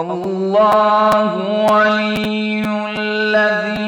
الله ولي الذين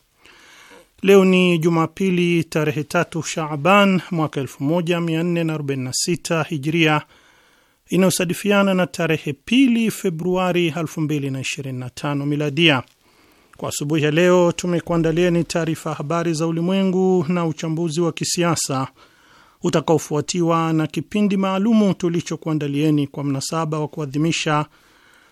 Leo ni Jumapili tarehe tatu shaban mwaka 1446 Hijria inayosadifiana na tarehe pili Februari 2025 Miladia. Kwa asubuhi ya leo tumekuandalieni taarifa habari za ulimwengu na uchambuzi wa kisiasa utakaofuatiwa na kipindi maalumu tulichokuandalieni kwa mnasaba wa kuadhimisha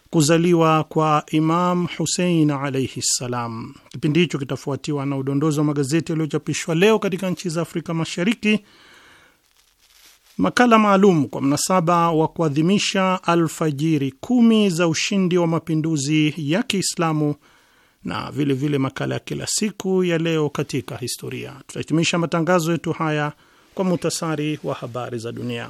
kuzaliwa kwa Imam Husein alaihi ssalam. Kipindi hicho kitafuatiwa na udondozi wa magazeti yaliyochapishwa leo katika nchi za Afrika Mashariki, makala maalum kwa mnasaba wa kuadhimisha alfajiri kumi za ushindi wa mapinduzi ya Kiislamu na vilevile vile makala ya kila siku ya leo katika historia. Tutahitimisha matangazo yetu haya kwa muhtasari wa habari za dunia.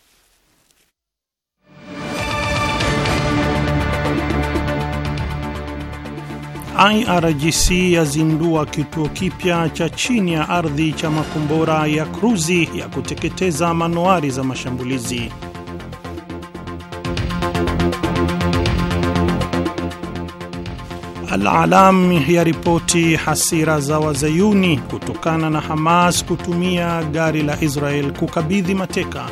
IRGC yazindua kituo kipya cha chini ya ardhi cha makombora ya kruzi ya kuteketeza manuari za mashambulizi. Al-Alam ya ripoti hasira za wazayuni kutokana na Hamas kutumia gari la Israel kukabidhi mateka.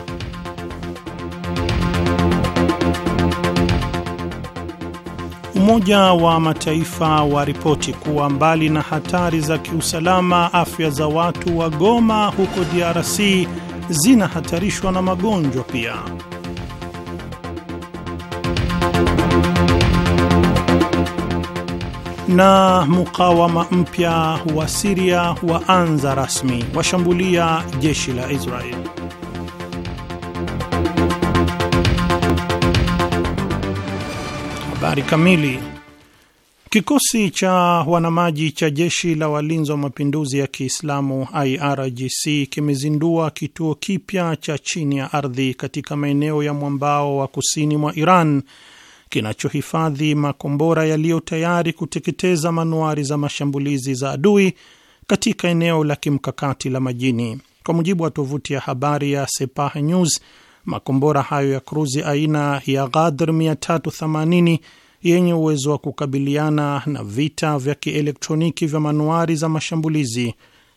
Umoja wa Mataifa wa ripoti kuwa mbali na hatari za kiusalama, afya za watu wa Goma huko DRC zinahatarishwa na magonjwa pia. Na mukawama mpya wa Siria waanza rasmi, washambulia jeshi la Israeli. Habari kamili. Kikosi cha wanamaji cha jeshi la walinzi wa mapinduzi ya Kiislamu IRGC kimezindua kituo kipya cha chini ya ardhi katika maeneo ya mwambao wa kusini mwa Iran kinachohifadhi makombora yaliyo tayari kuteketeza manuari za mashambulizi za adui katika eneo la kimkakati la majini. Kwa mujibu wa tovuti ya habari ya Sepah News, makombora hayo ya kruzi aina ya Ghadr 380 yenye uwezo wa kukabiliana na vita vya kielektroniki vya manuari za mashambulizi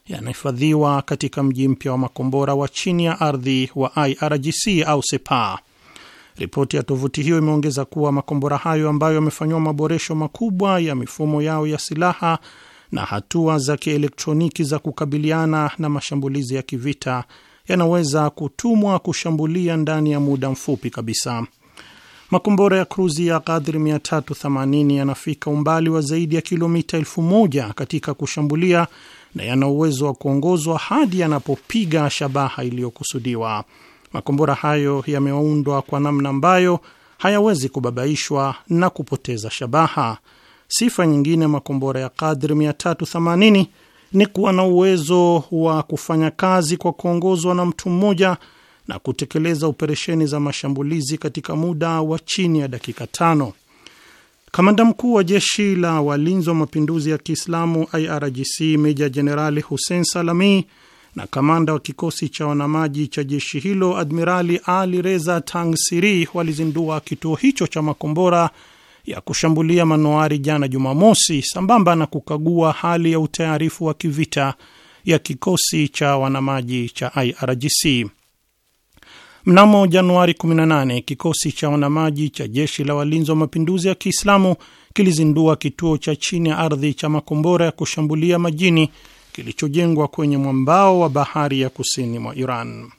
yanahifadhiwa katika mji mpya wa makombora wa chini ya ardhi wa IRGC au Sepa. Ripoti ya tovuti hiyo imeongeza kuwa makombora hayo ambayo yamefanyiwa maboresho makubwa ya mifumo yao ya silaha na hatua za kielektroniki za kukabiliana na mashambulizi ya kivita yanaweza kutumwa kushambulia ndani ya muda mfupi kabisa. Makombora ya kruzi ya Qadri 380 yanafika umbali wa zaidi ya kilomita elfu moja katika kushambulia na yana uwezo wa kuongozwa hadi yanapopiga shabaha iliyokusudiwa. Makombora hayo yameundwa kwa namna ambayo hayawezi kubabaishwa na kupoteza shabaha. Sifa nyingine makombora ya Kadri 380 ni kuwa na uwezo wa kufanya kazi kwa kuongozwa na mtu mmoja na kutekeleza operesheni za mashambulizi katika muda wa chini ya dakika tano. Kamanda mkuu wa jeshi la walinzi wa mapinduzi ya Kiislamu IRGC meja jenerali Hussein Salami na kamanda wa kikosi cha wanamaji cha jeshi hilo admirali Ali Reza Tangsiri walizindua kituo hicho cha makombora ya kushambulia manoari jana Jumamosi, sambamba na kukagua hali ya utayarifu wa kivita ya kikosi cha wanamaji cha IRGC. Mnamo Januari 18 kikosi cha wanamaji cha jeshi la walinzi wa mapinduzi ya Kiislamu kilizindua kituo cha chini ya ardhi cha makombora ya kushambulia majini kilichojengwa kwenye mwambao wa bahari ya kusini mwa Iran.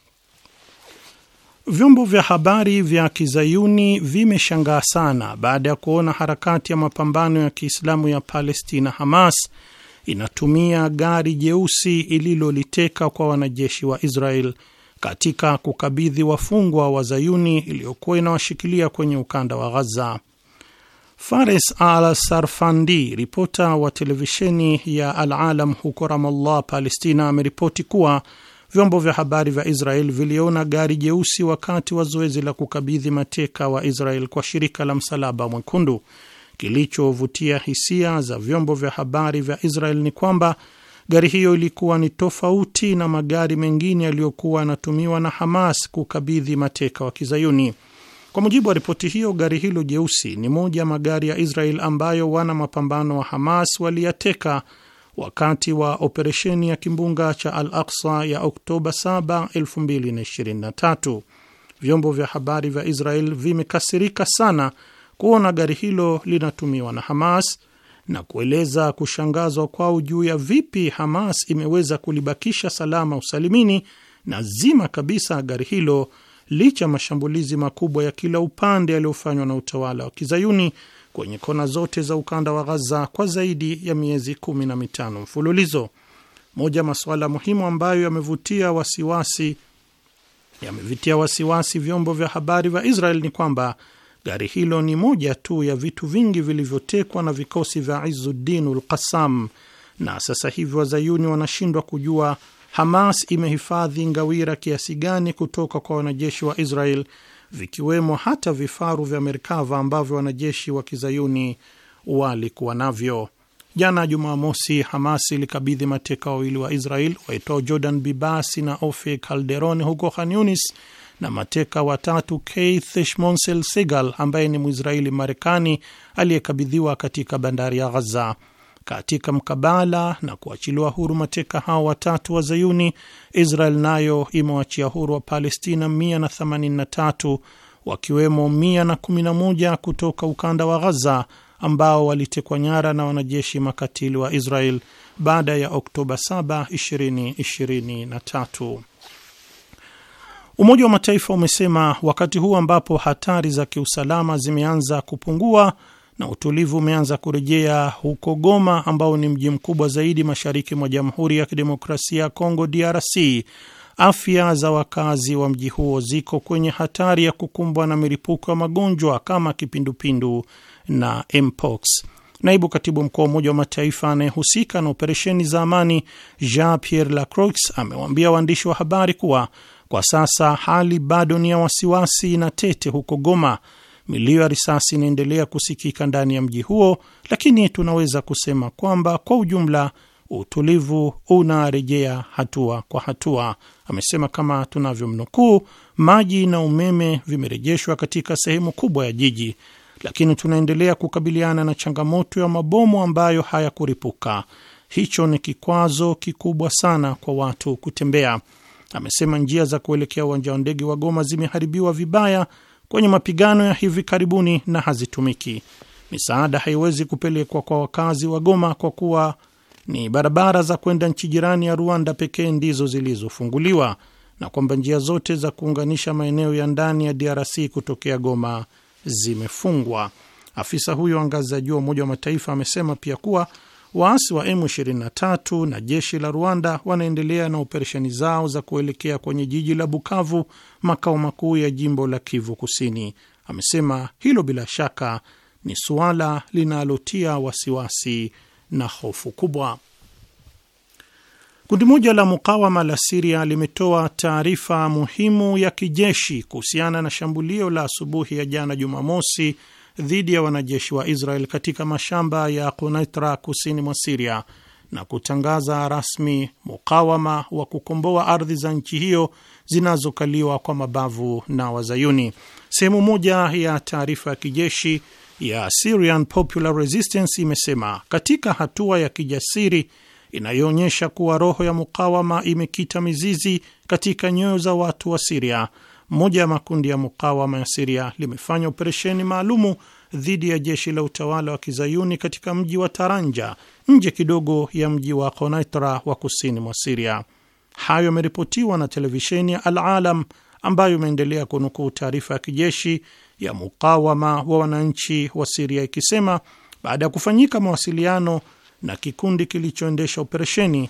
Vyombo vya habari vya kizayuni vimeshangaa sana baada ya kuona harakati ya mapambano ya Kiislamu ya Palestina, Hamas, inatumia gari jeusi ililoliteka kwa wanajeshi wa Israel katika kukabidhi wafungwa wa Zayuni iliyokuwa inawashikilia kwenye ukanda wa Ghaza. Fares Al Sarfandi, ripota wa televisheni ya Al Alam huko Ramallah, Palestina, ameripoti kuwa vyombo vya habari vya Israel viliona gari jeusi wakati wa zoezi la kukabidhi mateka wa Israel kwa shirika la Msalaba Mwekundu. Kilichovutia hisia za vyombo vya habari vya Israel ni kwamba Gari hiyo ilikuwa ni tofauti na magari mengine yaliyokuwa yanatumiwa na Hamas kukabidhi mateka wa Kizayuni. Kwa mujibu wa ripoti hiyo, gari hilo jeusi ni moja ya magari ya Israel ambayo wana mapambano wa Hamas waliyateka wakati wa operesheni ya kimbunga cha Al Aksa ya Oktoba 7, 2023. Vyombo vya habari vya Israel vimekasirika sana kuona gari hilo linatumiwa na Hamas na kueleza kushangazwa kwao juu ya vipi Hamas imeweza kulibakisha salama usalimini na zima kabisa gari hilo licha mashambulizi makubwa ya kila upande yaliyofanywa na utawala wa kizayuni kwenye kona zote za ukanda wa Ghaza kwa zaidi ya miezi kumi na mitano mfululizo. Moja ya masuala muhimu ambayo yamevutia wasiwasi yamevitia wasiwasi vyombo vya habari vya Israel ni kwamba Gari hilo ni moja tu ya vitu vingi vilivyotekwa na vikosi vya ul qasam na sasa hivi wazayuni wanashindwa kujua Hamas imehifadhi ngawira kiasi gani kutoka kwa wanajeshi wa Israel, vikiwemo hata vifaru vya Merkava ambavyo wanajeshi wa kizayuni walikuwa navyo. Jana Jumamosi, Hamas ilikabidhi mateka wawili wa Israel waitwao Jordan Bibasi na Ofe Calderon huko Khan Yunis na mateka watatu Keith Shmonsel Segal ambaye ni Mwisraeli Marekani aliyekabidhiwa katika bandari ya Ghaza. Katika mkabala na kuachiliwa huru mateka hao watatu wa Zayuni, Israel nayo imewachia huru wa Palestina 183 wakiwemo 111 kutoka ukanda wa Ghaza ambao walitekwa nyara na wanajeshi makatili wa Israel baada ya Oktoba 7, 2023. Umoja wa Mataifa umesema wakati huu ambapo hatari za kiusalama zimeanza kupungua na utulivu umeanza kurejea huko Goma, ambao ni mji mkubwa zaidi mashariki mwa Jamhuri ya Kidemokrasia ya Kongo, DRC, afya za wakazi wa mji huo ziko kwenye hatari ya kukumbwa na milipuko ya magonjwa kama kipindupindu na mpox. Naibu katibu mkuu wa Umoja wa Mataifa anayehusika na operesheni za amani Jean Pierre Lacroix amewaambia waandishi wa habari kuwa kwa sasa hali bado ni ya wasiwasi na tete huko Goma. Milio ya risasi inaendelea kusikika ndani ya mji huo, lakini tunaweza kusema kwamba kwa ujumla utulivu unarejea hatua kwa hatua, amesema. Kama tunavyomnukuu, maji na umeme vimerejeshwa katika sehemu kubwa ya jiji, lakini tunaendelea kukabiliana na changamoto ya mabomu ambayo hayakuripuka. Hicho ni kikwazo kikubwa sana kwa watu kutembea amesema njia za kuelekea uwanja wa ndege wa Goma zimeharibiwa vibaya kwenye mapigano ya hivi karibuni na hazitumiki. Misaada haiwezi kupelekwa kwa wakazi wa Goma kwa kuwa ni barabara za kwenda nchi jirani ya Rwanda pekee ndizo zilizofunguliwa na kwamba njia zote za kuunganisha maeneo ya ndani ya DRC kutokea Goma zimefungwa. Afisa huyo wa ngazi za juu wa Umoja wa Mataifa amesema pia kuwa Waasi wa M23 na jeshi la Rwanda wanaendelea na operesheni zao za kuelekea kwenye jiji la Bukavu, makao makuu ya jimbo la Kivu Kusini. Amesema hilo bila shaka ni suala linalotia wasiwasi na hofu kubwa. Kundi moja la mukawama la Siria limetoa taarifa muhimu ya kijeshi kuhusiana na shambulio la asubuhi ya jana Jumamosi dhidi ya wanajeshi wa Israel katika mashamba ya Quneitra kusini mwa Siria na kutangaza rasmi mukawama wa kukomboa ardhi za nchi hiyo zinazokaliwa kwa mabavu na Wazayuni. Sehemu moja ya taarifa ya kijeshi ya Syrian Popular Resistance imesema katika hatua ya kijasiri inayoonyesha kuwa roho ya mukawama imekita mizizi katika nyoyo za watu wa Siria, moja ya makundi ya mukawama ya Siria limefanya operesheni maalumu dhidi ya jeshi la utawala wa kizayuni katika mji wa Taranja, nje kidogo ya mji wa Konaitra wa kusini mwa Siria. Hayo yameripotiwa na televisheni ya Al Alam ambayo imeendelea kunukuu taarifa ya kijeshi ya mukawama wa wananchi wa Siria ikisema baada ya kufanyika mawasiliano na kikundi kilichoendesha operesheni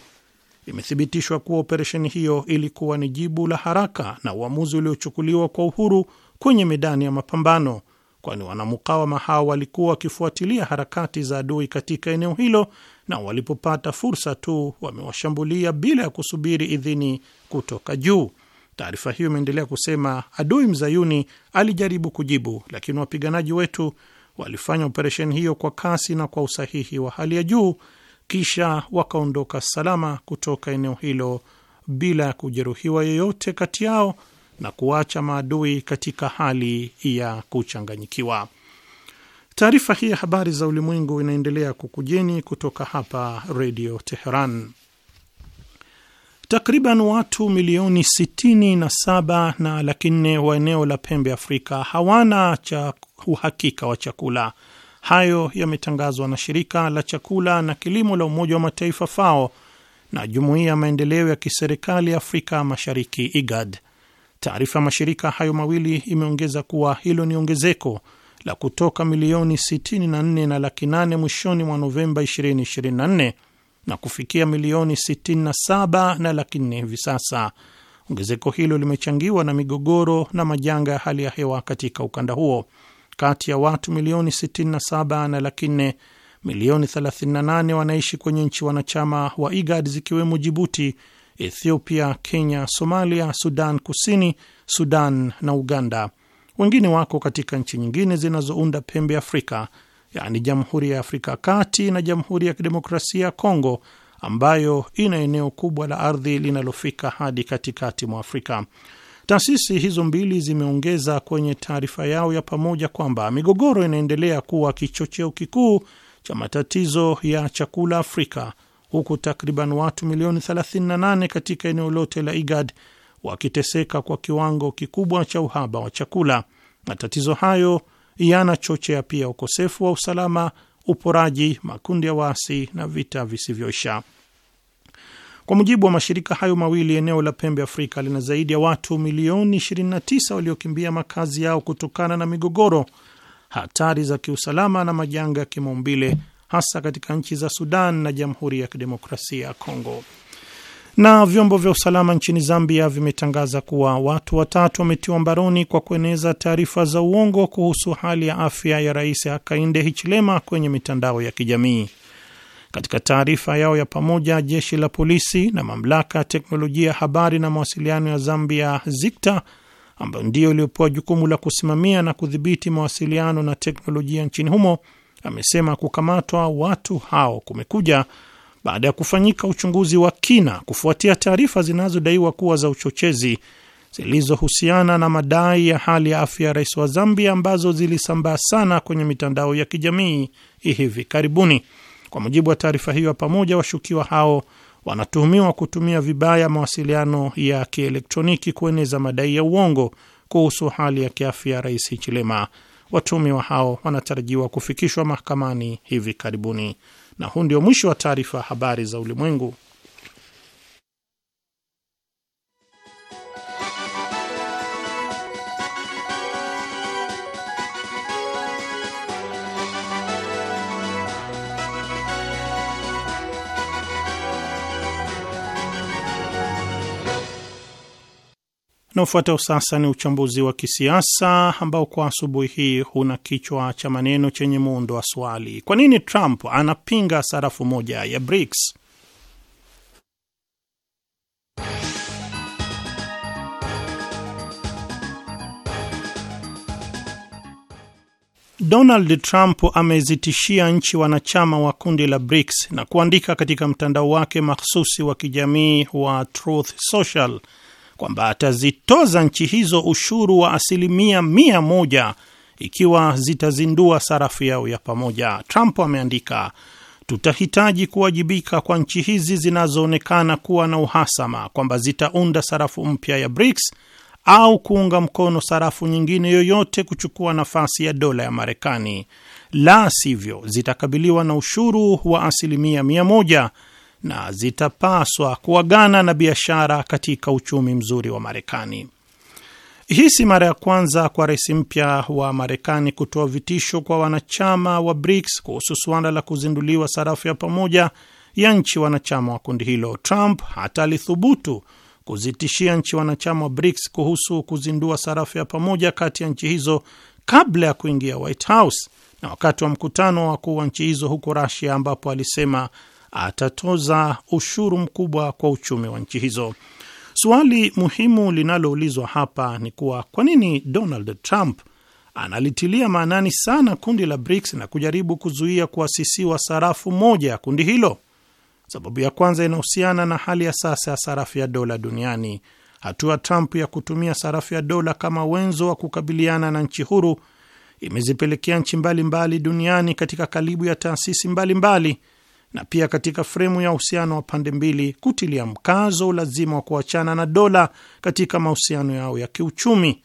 imethibitishwa kuwa operesheni hiyo ilikuwa ni jibu la haraka na uamuzi uliochukuliwa kwa uhuru kwenye medani ya mapambano, kwani wanamukawama hao walikuwa wakifuatilia harakati za adui katika eneo hilo, na walipopata fursa tu wamewashambulia bila ya kusubiri idhini kutoka juu. Taarifa hiyo imeendelea kusema, adui mzayuni alijaribu kujibu, lakini wapiganaji wetu walifanya operesheni hiyo kwa kasi na kwa usahihi wa hali ya juu kisha wakaondoka salama kutoka eneo hilo bila ya kujeruhiwa yeyote kati yao na kuacha maadui katika hali ya kuchanganyikiwa. Taarifa hii ya habari za ulimwengu inaendelea kukujeni kutoka hapa Redio Teheran. Takriban watu milioni 67 na laki nne wa eneo la pembe Afrika hawana cha uhakika wa chakula Hayo yametangazwa na shirika la chakula na kilimo la Umoja wa Mataifa FAO na jumuiya ya maendeleo ya kiserikali Afrika Mashariki IGAD. Taarifa ya mashirika hayo mawili imeongeza kuwa hilo ni ongezeko la kutoka milioni 64 na laki 8 mwishoni mwa Novemba 2024 na kufikia milioni 67 na laki 4 hivi sasa. Ongezeko hilo limechangiwa na migogoro na majanga ya hali ya hewa katika ukanda huo kati ya watu milioni 67 na laki milioni 38 wanaishi kwenye nchi wanachama wa IGAD zikiwemo Jibuti, Ethiopia, Kenya, Somalia, Sudan Kusini, Sudan na Uganda. Wengine wako katika nchi nyingine zinazounda pembe Afrika, yaani Jamhuri ya Afrika ya Kati na Jamhuri ya Kidemokrasia ya Kongo, ambayo ina eneo kubwa la ardhi linalofika hadi katikati mwa Afrika. Taasisi hizo mbili zimeongeza kwenye taarifa yao ya pamoja kwamba migogoro inaendelea kuwa kichocheo kikuu cha matatizo ya chakula Afrika, huku takriban watu milioni 38 katika eneo lote la IGAD wakiteseka kwa kiwango kikubwa cha uhaba wa chakula. Matatizo hayo yanachochea pia ukosefu wa usalama, uporaji, makundi ya waasi na vita visivyoisha. Kwa mujibu wa mashirika hayo mawili, eneo la pembe Afrika lina zaidi ya watu milioni 29 waliokimbia makazi yao kutokana na migogoro, hatari za kiusalama na majanga ya kimaumbile, hasa katika nchi za Sudan na Jamhuri ya Kidemokrasia ya Kongo. Na vyombo vya usalama nchini Zambia vimetangaza kuwa watu watatu wametiwa mbaroni kwa kueneza taarifa za uongo kuhusu hali ya afya ya Rais Hakainde Hichilema kwenye mitandao ya kijamii. Katika taarifa yao ya pamoja, jeshi la polisi na mamlaka ya teknolojia ya habari na mawasiliano ya Zambia ZICTA, ambayo ndiyo iliyopewa jukumu la kusimamia na kudhibiti mawasiliano na teknolojia nchini humo, amesema kukamatwa watu hao kumekuja baada ya kufanyika uchunguzi wa kina kufuatia taarifa zinazodaiwa kuwa za uchochezi zilizohusiana na madai ya hali ya afya ya rais wa Zambia ambazo zilisambaa sana kwenye mitandao ya kijamii hivi karibuni. Kwa mujibu wa taarifa hiyo ya pamoja, washukiwa hao wanatuhumiwa kutumia vibaya mawasiliano ya kielektroniki kueneza madai ya uongo kuhusu hali ya kiafya ya Rais Hichilema. Watuhumiwa hao wanatarajiwa kufikishwa mahakamani hivi karibuni. Na huu ndio mwisho wa taarifa habari za ulimwengu. Unaofuata sasa ni uchambuzi wa kisiasa ambao kwa asubuhi hii huna kichwa cha maneno chenye muundo wa swali: kwa nini Trump anapinga sarafu moja ya BRICS? Donald Trump amezitishia nchi wanachama wa kundi la BRICS na kuandika katika mtandao wake mahsusi wa kijamii wa Truth Social kwamba atazitoza nchi hizo ushuru wa asilimia mia moja ikiwa zitazindua sarafu yao ya pamoja. Trump ameandika, tutahitaji kuwajibika kwa nchi hizi zinazoonekana kuwa na uhasama kwamba zitaunda sarafu mpya ya BRICS au kuunga mkono sarafu nyingine yoyote kuchukua nafasi ya dola ya Marekani, la sivyo zitakabiliwa na ushuru wa asilimia mia moja na zitapaswa kuagana na biashara katika uchumi mzuri wa Marekani. Hii si mara ya kwanza kwa rais mpya wa Marekani kutoa vitisho kwa wanachama wa BRICS kuhusu suala la kuzinduliwa sarafu ya pamoja ya nchi wanachama wa kundi hilo. Trump hata alithubutu kuzitishia nchi wanachama wa BRICS kuhusu kuzindua sarafu ya pamoja kati ya nchi hizo kabla ya kuingia White House na wakati wa mkutano wa wakuu wa nchi hizo huko Russia, ambapo alisema atatoza ushuru mkubwa kwa uchumi wa nchi hizo. Suali muhimu linaloulizwa hapa ni kuwa kwa nini Donald Trump analitilia maanani sana kundi la BRICS na kujaribu kuzuia kuasisiwa sarafu moja ya kundi hilo. Sababu ya kwanza inahusiana na hali ya sasa ya sarafu ya dola duniani. Hatua Trump ya kutumia sarafu ya dola kama wenzo wa kukabiliana na nchi huru imezipelekea nchi mbalimbali duniani katika kalibu ya taasisi mbalimbali mbali na pia katika fremu ya uhusiano wa pande mbili kutilia mkazo ulazima wa kuachana na dola katika mahusiano yao ya kiuchumi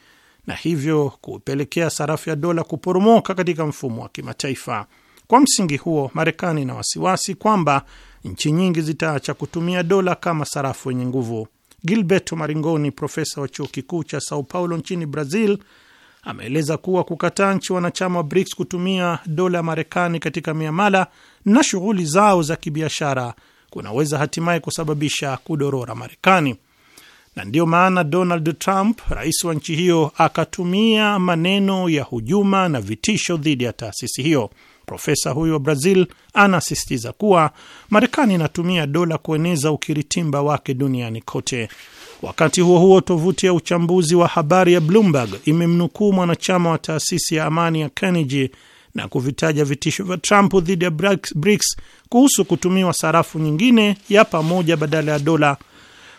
na hivyo kupelekea sarafu ya dola kuporomoka katika mfumo wa kimataifa. Kwa msingi huo, Marekani ina wasiwasi kwamba nchi nyingi zitaacha kutumia dola kama sarafu yenye nguvu. Gilberto Maringoni, profesa wa chuo kikuu cha Sao Paulo nchini Brazil, ameeleza kuwa kukataa nchi wanachama wa BRICS kutumia dola ya Marekani katika miamala na shughuli zao za kibiashara kunaweza hatimaye kusababisha kudorora Marekani, na ndiyo maana Donald Trump, rais wa nchi hiyo, akatumia maneno ya hujuma na vitisho dhidi ya taasisi hiyo. Profesa huyo wa Brazil anasisitiza kuwa Marekani inatumia dola kueneza ukiritimba wake duniani kote. Wakati huo huo, tovuti ya uchambuzi wa habari ya Bloomberg imemnukuu mwanachama wa taasisi ya amani ya Carnegie na kuvitaja vitisho vya Trump dhidi ya BRICS kuhusu kutumiwa sarafu nyingine ya pamoja badala ya dola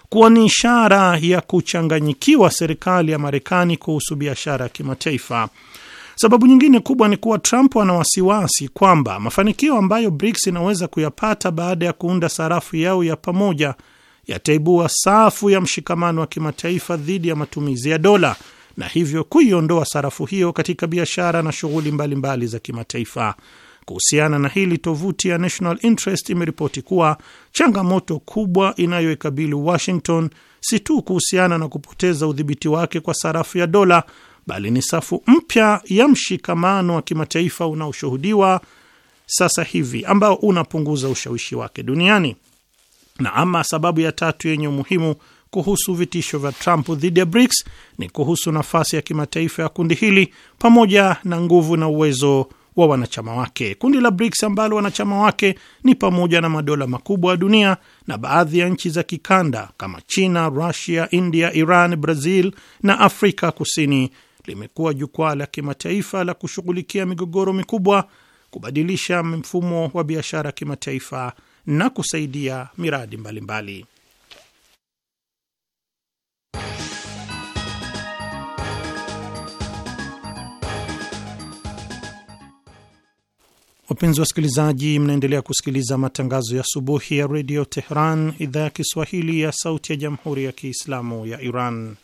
kuwa ni ishara ya kuchanganyikiwa serikali ya Marekani kuhusu biashara ya kimataifa. Sababu nyingine kubwa ni kuwa Trump ana wasiwasi kwamba mafanikio ambayo BRICS inaweza kuyapata baada ya kuunda sarafu yao ya pamoja yataibua safu ya mshikamano wa kimataifa dhidi ya matumizi ya dola na hivyo kuiondoa sarafu hiyo katika biashara na shughuli mbalimbali za kimataifa. Kuhusiana na hili, tovuti ya National Interest imeripoti kuwa changamoto kubwa inayoikabili Washington si tu kuhusiana na kupoteza udhibiti wake kwa sarafu ya dola, bali ni safu mpya ya mshikamano wa kimataifa unaoshuhudiwa sasa hivi ambao unapunguza ushawishi wake duniani. Na ama sababu ya tatu yenye umuhimu kuhusu vitisho vya Trump dhidi ya BRICS ni kuhusu nafasi ya kimataifa ya kundi hili pamoja na nguvu na uwezo wa wanachama wake. Kundi la BRICS ambalo wanachama wake ni pamoja na madola makubwa ya dunia na baadhi ya nchi za kikanda kama China, Russia, India, Iran, Brazil na Afrika Kusini limekuwa jukwaa la kimataifa la kushughulikia migogoro mikubwa, kubadilisha mfumo wa biashara kimataifa na kusaidia miradi mbalimbali mbali. Wapenzi wasikilizaji, mnaendelea kusikiliza matangazo ya subuhi ya redio Tehran, idhaa ya Kiswahili ya sauti ya jamhuri ya Kiislamu ya Iran.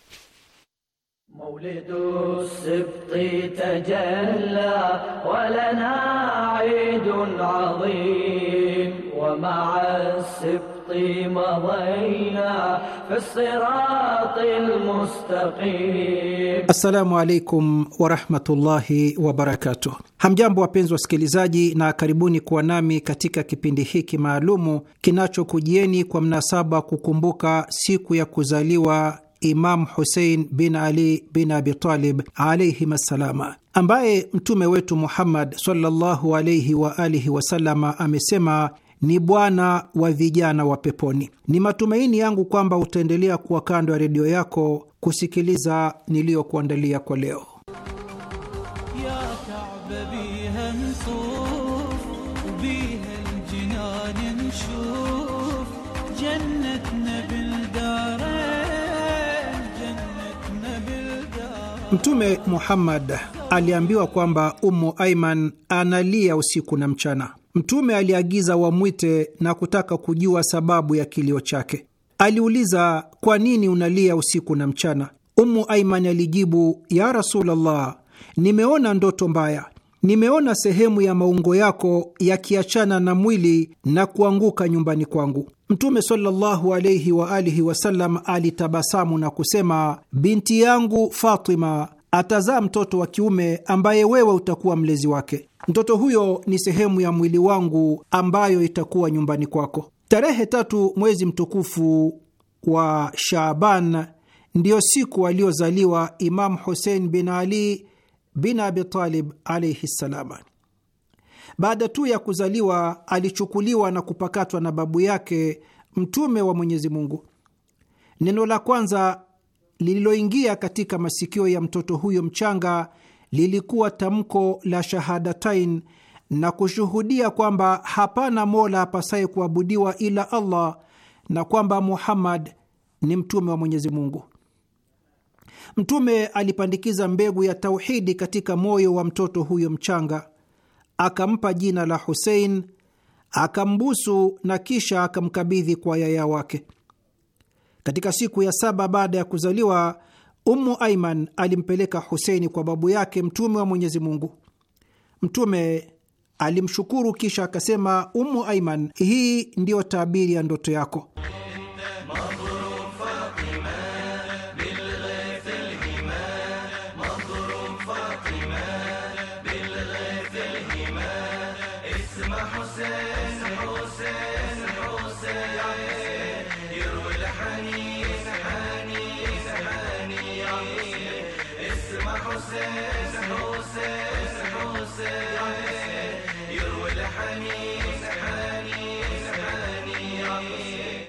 ومع السبط مضينا في الصراط المستقيم. عليكم ورحمة warahmatullahi وبركاته. Hamjambo wapenzi wasikilizaji, na karibuni kuwa nami katika kipindi hiki maalumu kinachokujieni kwa mnasaba kukumbuka siku ya kuzaliwa Imam Husein bin Ali bin Abitalib alaihim assalama, ambaye mtume wetu Muhammad sallallahu alaihi wa alihi wasalama amesema ni bwana wa vijana wa peponi. Ni matumaini yangu kwamba utaendelea kuwa kando ya redio yako kusikiliza niliyokuandalia kwa leo. Mtume Muhammad aliambiwa kwamba Ummu Aiman analia usiku na mchana. Mtume aliagiza wamwite na kutaka kujua sababu ya kilio chake. Aliuliza, kwa nini unalia usiku na mchana? Ummu Aiman alijibu, ya Rasulullah, nimeona ndoto mbaya. Nimeona sehemu ya maungo yako yakiachana na mwili na kuanguka nyumbani kwangu. Mtume sallallahu alaihi wa alihi wasallam alitabasamu na kusema, binti yangu Fatima atazaa mtoto wa kiume ambaye wewe utakuwa mlezi wake. Mtoto huyo ni sehemu ya mwili wangu ambayo itakuwa nyumbani kwako. Tarehe tatu mwezi mtukufu wa Shaaban ndiyo siku aliyozaliwa Imam Husein bin Ali bin Abitalib alaihi ssalam. Baada tu ya kuzaliwa, alichukuliwa na kupakatwa na babu yake Mtume wa Mwenyezi Mungu. Neno la kwanza lililoingia katika masikio ya mtoto huyo mchanga lilikuwa tamko la shahadatain na kushuhudia kwamba hapana mola apasaye kuabudiwa ila Allah na kwamba Muhammad ni mtume wa Mwenyezi Mungu. Mtume alipandikiza mbegu ya tauhidi katika moyo wa mtoto huyo mchanga, akampa jina la Husein, akambusu na kisha akamkabidhi kwa yaya wake. Katika siku ya saba baada ya kuzaliwa, Ummu Aiman alimpeleka Huseini kwa babu yake Mtume wa Mwenyezi Mungu. Mtume alimshukuru kisha akasema, Ummu Aiman, hii ndiyo tabiri ya ndoto yako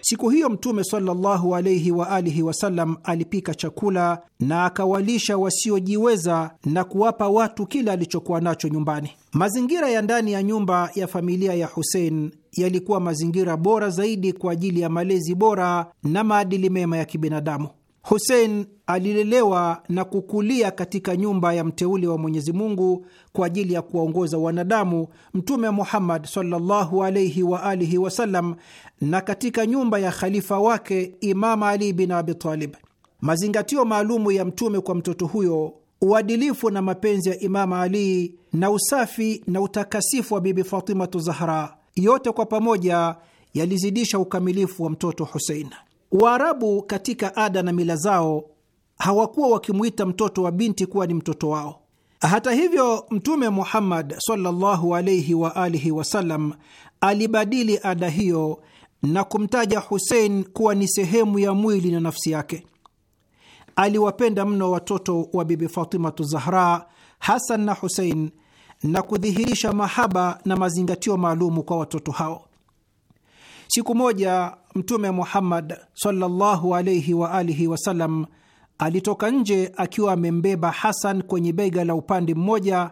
Siku hiyo Mtume sallallahu alaihi wa alihi wasallam alipika chakula na akawalisha wasiojiweza na kuwapa watu kila alichokuwa nacho nyumbani. Mazingira ya ndani ya nyumba ya familia ya Husein yalikuwa mazingira bora zaidi kwa ajili ya malezi bora na maadili mema ya kibinadamu. Hussein alilelewa na kukulia katika nyumba ya mteule wa Mwenyezi Mungu kwa ajili ya kuwaongoza wanadamu, Mtume Muhammad sallallahu alaihi wa alihi wasallam, na katika nyumba ya khalifa wake Imam Ali bin Abi Talib. Mazingatio maalumu ya Mtume kwa mtoto huyo, uadilifu na mapenzi ya Imam Ali na usafi na utakasifu wa Bibi Fatimatu Zahra, yote kwa pamoja yalizidisha ukamilifu wa mtoto Husein. Waarabu katika ada na mila zao hawakuwa wakimwita mtoto wa binti kuwa ni mtoto wao. Hata hivyo, Mtume Muhammad sallallahu alaihi wa alihi wasallam alibadili ada hiyo na kumtaja Husein kuwa ni sehemu ya mwili na nafsi yake. Aliwapenda mno watoto wa Bibi Fatimatu Zahra, Hasan na Husein, na kudhihirisha mahaba na mazingatio maalumu kwa watoto hao. Siku moja Mtume Muhammad sallallahu alaihi wa alihi wasallam alitoka nje akiwa amembeba Hasan kwenye bega la upande mmoja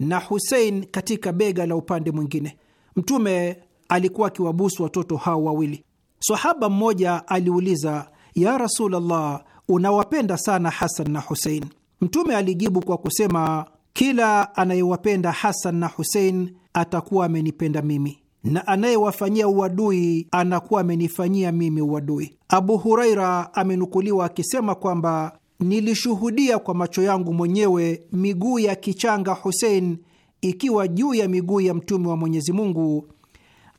na Husein katika bega la upande mwingine. Mtume alikuwa akiwabusu watoto hao wawili. Sahaba mmoja aliuliza, ya Rasulullah, unawapenda sana Hasan na Husein? Mtume alijibu kwa kusema, kila anayewapenda Hasan na Husein atakuwa amenipenda mimi na anayewafanyia uadui anakuwa amenifanyia mimi uadui. Abu Huraira amenukuliwa akisema kwamba nilishuhudia kwa macho yangu mwenyewe miguu ya kichanga Husein ikiwa juu ya miguu ya Mtume wa Mwenyezi Mungu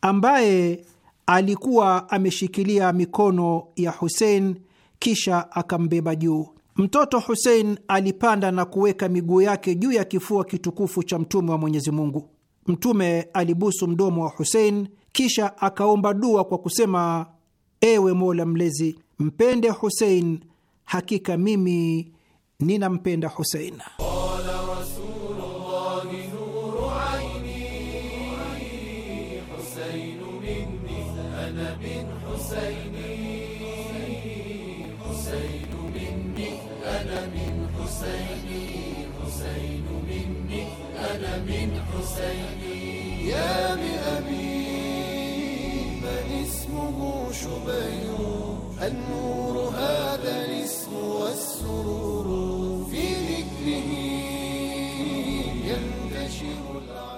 ambaye alikuwa ameshikilia mikono ya Husein, kisha akambeba juu. Mtoto Husein alipanda na kuweka miguu yake juu ya kifua kitukufu cha Mtume wa Mwenyezi Mungu. Mtume alibusu mdomo wa Husein, kisha akaomba dua kwa kusema: ewe Mola Mlezi, mpende Husein, hakika mimi ninampenda Husein.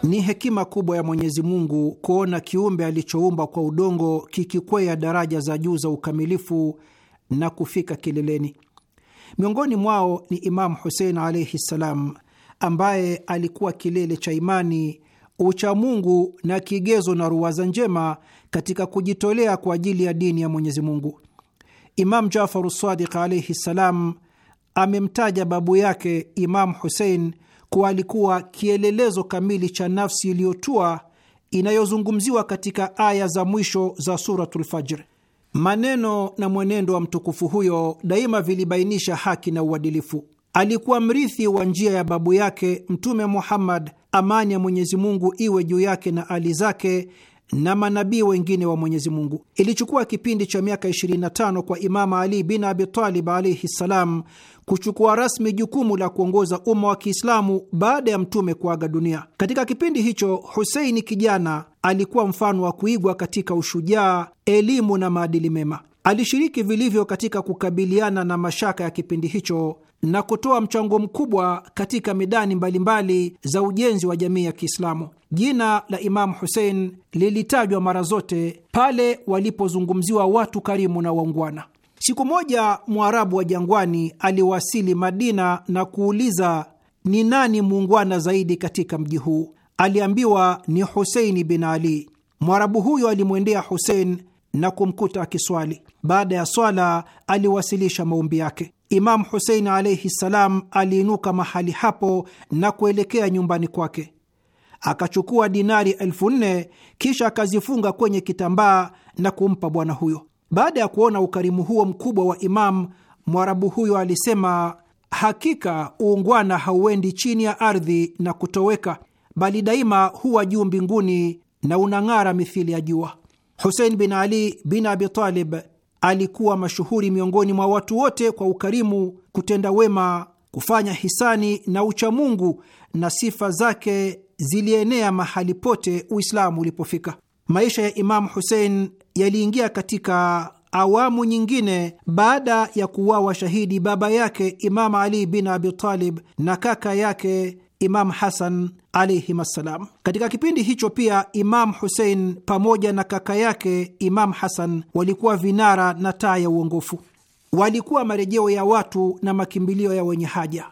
Ni hekima kubwa ya Mwenyezi Mungu kuona kiumbe alichoumba kwa udongo kikikwea daraja za juu za ukamilifu na kufika kileleni. Miongoni mwao ni Imamu Husein alaihi ssalam, ambaye alikuwa kilele cha imani, uchamungu na kigezo na ruwaza njema katika kujitolea kwa ajili ya dini ya Mwenyezi Mungu. Imamu Jafaru Sadiq alaihi ssalam amemtaja babu yake Imamu Husein kuwa alikuwa kielelezo kamili cha nafsi iliyotua inayozungumziwa katika aya za mwisho za Suratul Fajr. Maneno na mwenendo wa mtukufu huyo daima vilibainisha haki na uadilifu. Alikuwa mrithi wa njia ya babu yake Mtume Muhammad, amani ya Mwenyezi Mungu iwe juu yake na ali zake, na manabii wengine wa Mwenyezi Mungu. Ilichukua kipindi cha miaka 25 kwa Imama Ali bin Abi Talib alaihi ssalam kuchukua rasmi jukumu la kuongoza umma wa Kiislamu baada ya Mtume kuaga dunia. Katika kipindi hicho, Huseini kijana alikuwa mfano wa kuigwa katika ushujaa, elimu na maadili mema alishiriki vilivyo katika kukabiliana na mashaka ya kipindi hicho na kutoa mchango mkubwa katika midani mbalimbali za ujenzi wa jamii ya Kiislamu. Jina la Imamu Husein lilitajwa mara zote pale walipozungumziwa watu karimu na waungwana. Siku moja Mwarabu wa jangwani aliwasili Madina na kuuliza ni nani muungwana zaidi katika mji huu? Aliambiwa ni Huseini bin Ali. Mwarabu huyo alimwendea Husein na kumkuta akiswali. Baada ya swala, aliwasilisha maombi yake. Imamu Husein alaihi ssalam aliinuka mahali hapo na kuelekea nyumbani kwake. Akachukua dinari elfu nne kisha akazifunga kwenye kitambaa na kumpa bwana huyo. Baada ya kuona ukarimu huo mkubwa wa Imamu, Mwarabu huyo alisema, hakika uungwana hauendi chini ya ardhi na kutoweka, bali daima huwa juu mbinguni na unang'ara mithili ya jua. Husein bin Ali bin Abi Talib alikuwa mashuhuri miongoni mwa watu wote kwa ukarimu, kutenda wema, kufanya hisani na uchamungu, na sifa zake zilienea mahali pote Uislamu ulipofika. Maisha ya Imamu Husein yaliingia katika awamu nyingine baada ya kuuawa shahidi baba yake Imamu Ali bin Abi Talib na kaka yake Imamu Hasan alaihim assalam. Katika kipindi hicho pia Imam Husein pamoja na kaka yake Imam Hasan walikuwa vinara na taa ya uongofu, walikuwa marejeo ya watu na makimbilio ya wenye haja.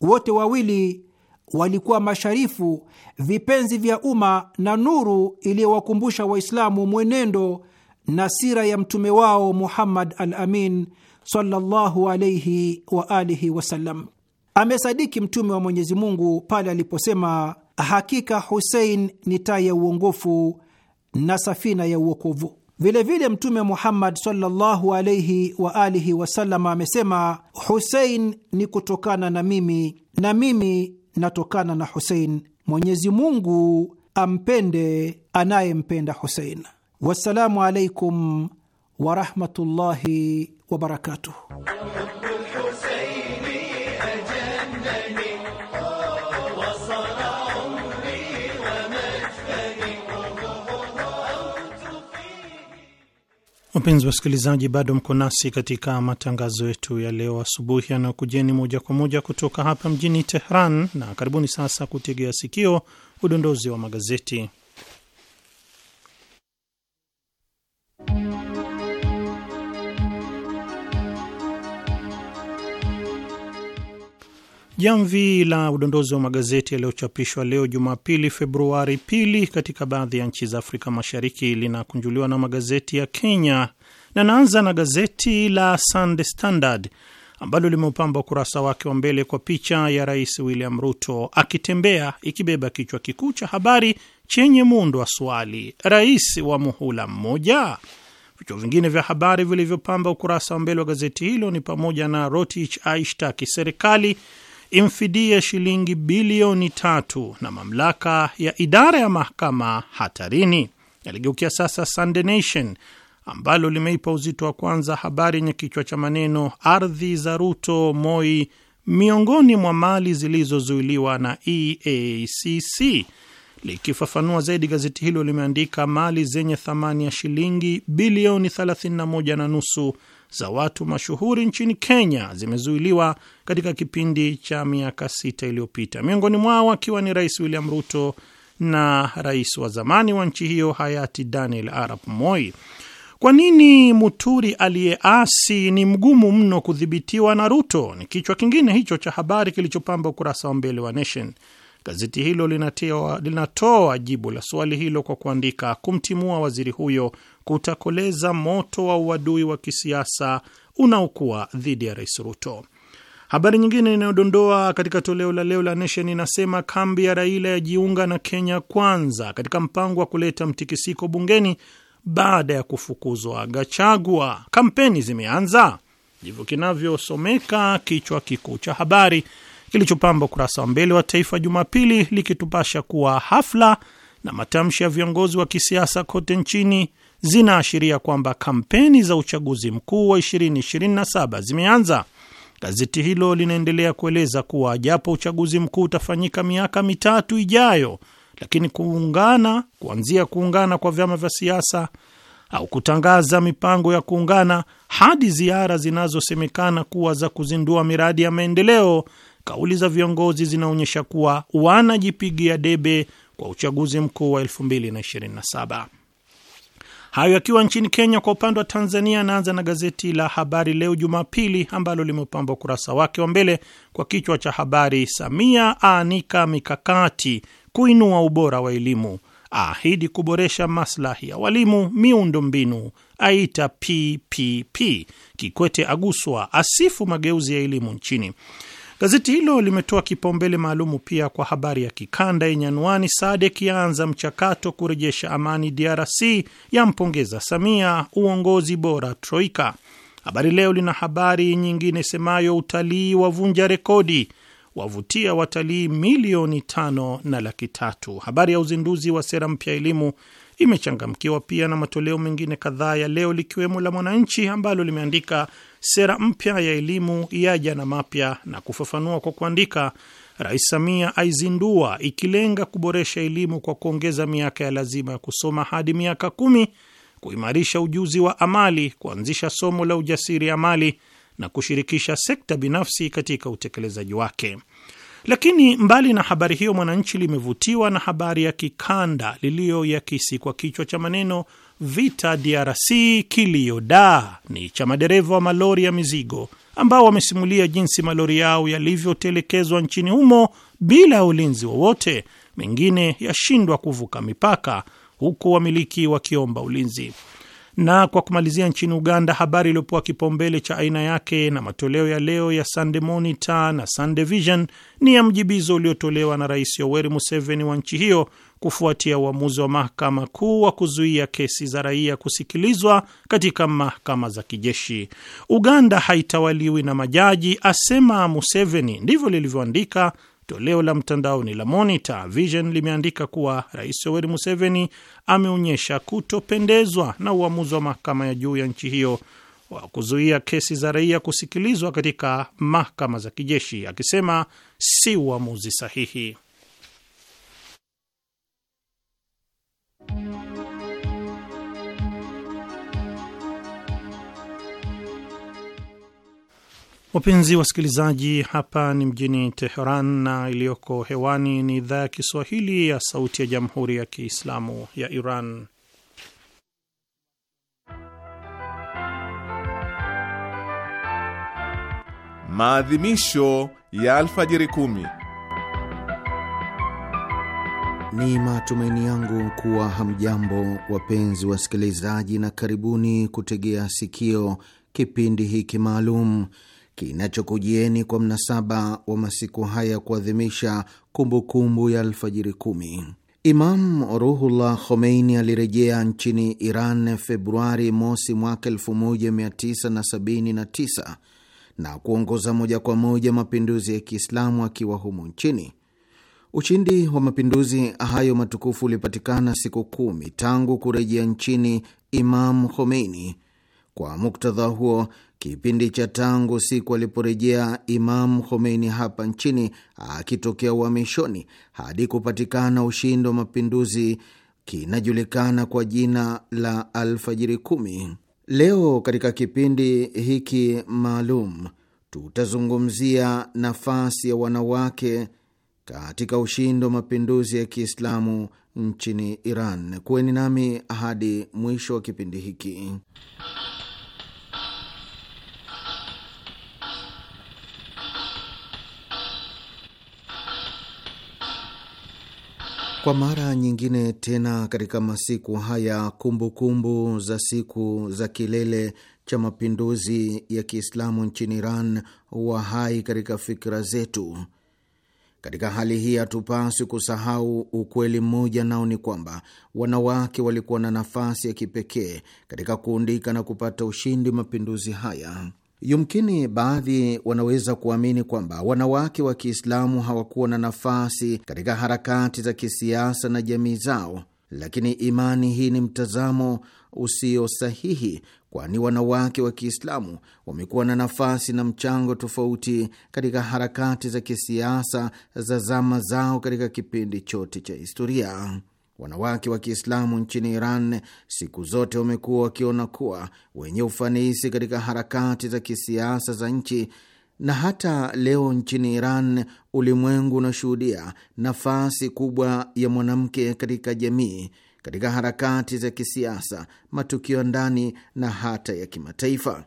Wote wawili walikuwa masharifu, vipenzi vya umma na nuru iliyowakumbusha Waislamu mwenendo na sira ya mtume wao Muhammad al Amin sallallahu wa alihi wasallam. Amesadiki mtume wa Mwenyezi Mungu pale aliposema, hakika Husein ni taa ya uongofu na safina ya uokovu. Vilevile Mtume Muhammad sallallahu alaihi wa alihi wasallam amesema, Husein ni kutokana na mimi na mimi natokana na Husein. Mwenyezi Mungu ampende anayempenda Husein. Wassalamu alaikum warahmatullahi wabarakatuh. Wapenzi wasikilizaji, bado mko nasi katika matangazo yetu ya leo asubuhi yanayokujeni moja kwa moja kutoka hapa mjini Tehran, na karibuni sasa kutegea sikio udondozi wa magazeti. Jamvi la udondozi wa magazeti yaliyochapishwa leo Jumapili, Februari pili, katika baadhi ya nchi za Afrika Mashariki linakunjuliwa na magazeti ya Kenya, na naanza na gazeti la Sunday Standard ambalo limeupamba ukurasa wake wa mbele kwa picha ya Rais William Ruto akitembea ikibeba kichwa kikuu cha habari chenye muundo wa swali, rais wa muhula mmoja. Vichwa vingine vya habari vilivyopamba ukurasa wa mbele wa gazeti hilo ni pamoja na Rotich aishtaki serikali imfidie shilingi bilioni tatu na mamlaka ya idara ya mahakama hatarini. Yaligeukia sasa Sunday Nation ambalo limeipa uzito wa kwanza habari yenye kichwa cha maneno ardhi za Ruto, Moi miongoni mwa mali zilizozuiliwa na EACC. Likifafanua zaidi, gazeti hilo limeandika mali zenye thamani ya shilingi bilioni 31 na nusu za watu mashuhuri nchini Kenya zimezuiliwa katika kipindi cha miaka sita iliyopita, miongoni mwao akiwa ni Rais William Ruto na rais wa zamani wa nchi hiyo hayati Daniel Arap Moi. Kwa nini Muturi aliyeasi ni mgumu mno kudhibitiwa na Ruto? Ni kichwa kingine hicho cha habari kilichopamba ukurasa wa mbele wa Nation. Gazeti hilo linatoa jibu la swali hilo kwa kuandika kumtimua waziri huyo kutakoleza moto wa uadui wa kisiasa unaokuwa dhidi ya Rais Ruto. Habari nyingine inayodondoa katika toleo la leo la Nation inasema kambi ya Raila yajiunga na Kenya Kwanza katika mpango wa kuleta mtikisiko bungeni baada ya kufukuzwa Gachagua. Kampeni zimeanza, ndivyo kinavyosomeka kichwa kikuu cha habari kilichopamba ukurasa wa mbele wa Taifa Jumapili, likitupasha kuwa hafla na matamshi ya viongozi wa kisiasa kote nchini zinaashiria kwamba kampeni za uchaguzi mkuu wa 2027 zimeanza. Gazeti hilo linaendelea kueleza kuwa japo uchaguzi mkuu utafanyika miaka mitatu ijayo, lakini kuungana kuanzia kuungana kwa vyama vya siasa au kutangaza mipango ya kuungana hadi ziara zinazosemekana kuwa za kuzindua miradi ya maendeleo, kauli za viongozi zinaonyesha kuwa wanajipigia debe kwa uchaguzi mkuu wa 2027. Hayo yakiwa nchini Kenya. Kwa upande wa Tanzania, anaanza na gazeti la Habari Leo Jumapili ambalo limepamba ukurasa wake wa mbele kwa kichwa cha habari, Samia aanika mikakati kuinua ubora wa elimu, ahidi kuboresha maslahi ya walimu miundo mbinu, aita PPP. Kikwete aguswa, asifu mageuzi ya elimu nchini. Gazeti hilo limetoa kipaumbele maalumu pia kwa habari ya kikanda yenye anwani Sadek yaanza mchakato kurejesha amani DRC, yampongeza Samia uongozi bora Troika. Habari Leo lina habari nyingine semayo utalii wavunja rekodi wavutia watalii milioni tano na laki tatu. Habari ya uzinduzi wa sera mpya elimu imechangamkiwa pia na matoleo mengine kadhaa ya leo likiwemo la Mwananchi ambalo limeandika sera mpya ya elimu yaja na mapya, na kufafanua kwa kuandika, Rais Samia aizindua ikilenga kuboresha elimu kwa kuongeza miaka ya lazima ya kusoma hadi miaka kumi, kuimarisha ujuzi wa amali, kuanzisha somo la ujasiri amali na kushirikisha sekta binafsi katika utekelezaji wake. Lakini mbali na habari hiyo, Mwananchi limevutiwa na habari ya kikanda liliyoyakisi kwa kichwa cha maneno vita DRC, kiliyoda ni cha madereva wa malori ya mizigo ambao wamesimulia jinsi malori yao yalivyotelekezwa nchini humo bila ya ulinzi wowote, mengine yashindwa kuvuka mipaka, huku wamiliki wakiomba ulinzi. Na kwa kumalizia, nchini Uganda, habari iliyopewa kipaumbele cha aina yake na matoleo ya leo ya Sunday Monitor na Sunday Vision ni ya mjibizo uliotolewa na Rais Yoweri Museveni wa nchi hiyo kufuatia uamuzi wa mahakama kuu wa kuzuia kesi za raia kusikilizwa katika mahakama za kijeshi. Uganda haitawaliwi na majaji, asema Museveni. Ndivyo lilivyoandika toleo la mtandaoni la Monitor. Vision limeandika kuwa Rais Yoweri Museveni ameonyesha kutopendezwa na uamuzi wa mahakama ya juu ya nchi hiyo wa kuzuia kesi za raia kusikilizwa katika mahakama za kijeshi, akisema si uamuzi sahihi. Wapenzi wasikilizaji, hapa ni mjini Teheran na iliyoko hewani ni idhaa ya Kiswahili ya Sauti ya Jamhuri ya Kiislamu ya Iran. Maadhimisho ya Alfajiri Kumi. Ni matumaini yangu kuwa hamjambo, wapenzi wasikilizaji, na karibuni kutegea sikio kipindi hiki maalum kinachokujieni kwa mnasaba wa masiku haya ya kuadhimisha kumbukumbu ya Alfajiri Kumi. Imam Ruhullah Khomeini alirejea nchini Iran Februari mosi mwaka 1979 na kuongoza moja kwa moja mapinduzi ya Kiislamu akiwa humo nchini. Ushindi wa mapinduzi hayo matukufu ulipatikana siku kumi tangu kurejea nchini Imam Khomeini. Kwa muktadha huo, kipindi cha tangu siku aliporejea Imamu Khomeini hapa nchini akitokea uhamishoni hadi kupatikana ushindi wa mapinduzi kinajulikana kwa jina la Alfajiri Kumi. Leo katika kipindi hiki maalum tutazungumzia nafasi ya wanawake katika ushindi wa mapinduzi ya Kiislamu nchini Iran. Kuweni nami hadi mwisho wa kipindi hiki. Kwa mara nyingine tena katika masiku haya kumbukumbu kumbu za siku za kilele cha mapinduzi ya Kiislamu nchini Iran huwa hai katika fikra zetu. Katika hali hii hatupaswi kusahau ukweli mmoja, nao ni kwamba wanawake walikuwa na nafasi ya kipekee katika kuundika na kupata ushindi mapinduzi haya. Yumkini baadhi wanaweza kuamini kwamba wanawake wa Kiislamu hawakuwa na nafasi katika harakati za kisiasa na jamii zao, lakini imani hii ni mtazamo usio sahihi, kwani wanawake wa Kiislamu wamekuwa na nafasi na mchango tofauti katika harakati za kisiasa za zama zao katika kipindi chote cha historia. Wanawake wa Kiislamu nchini Iran siku zote wamekuwa wakiona kuwa wenye ufanisi katika harakati za kisiasa za nchi, na hata leo nchini Iran ulimwengu unashuhudia nafasi kubwa ya mwanamke katika jamii, katika harakati za kisiasa, matukio ndani na hata ya kimataifa.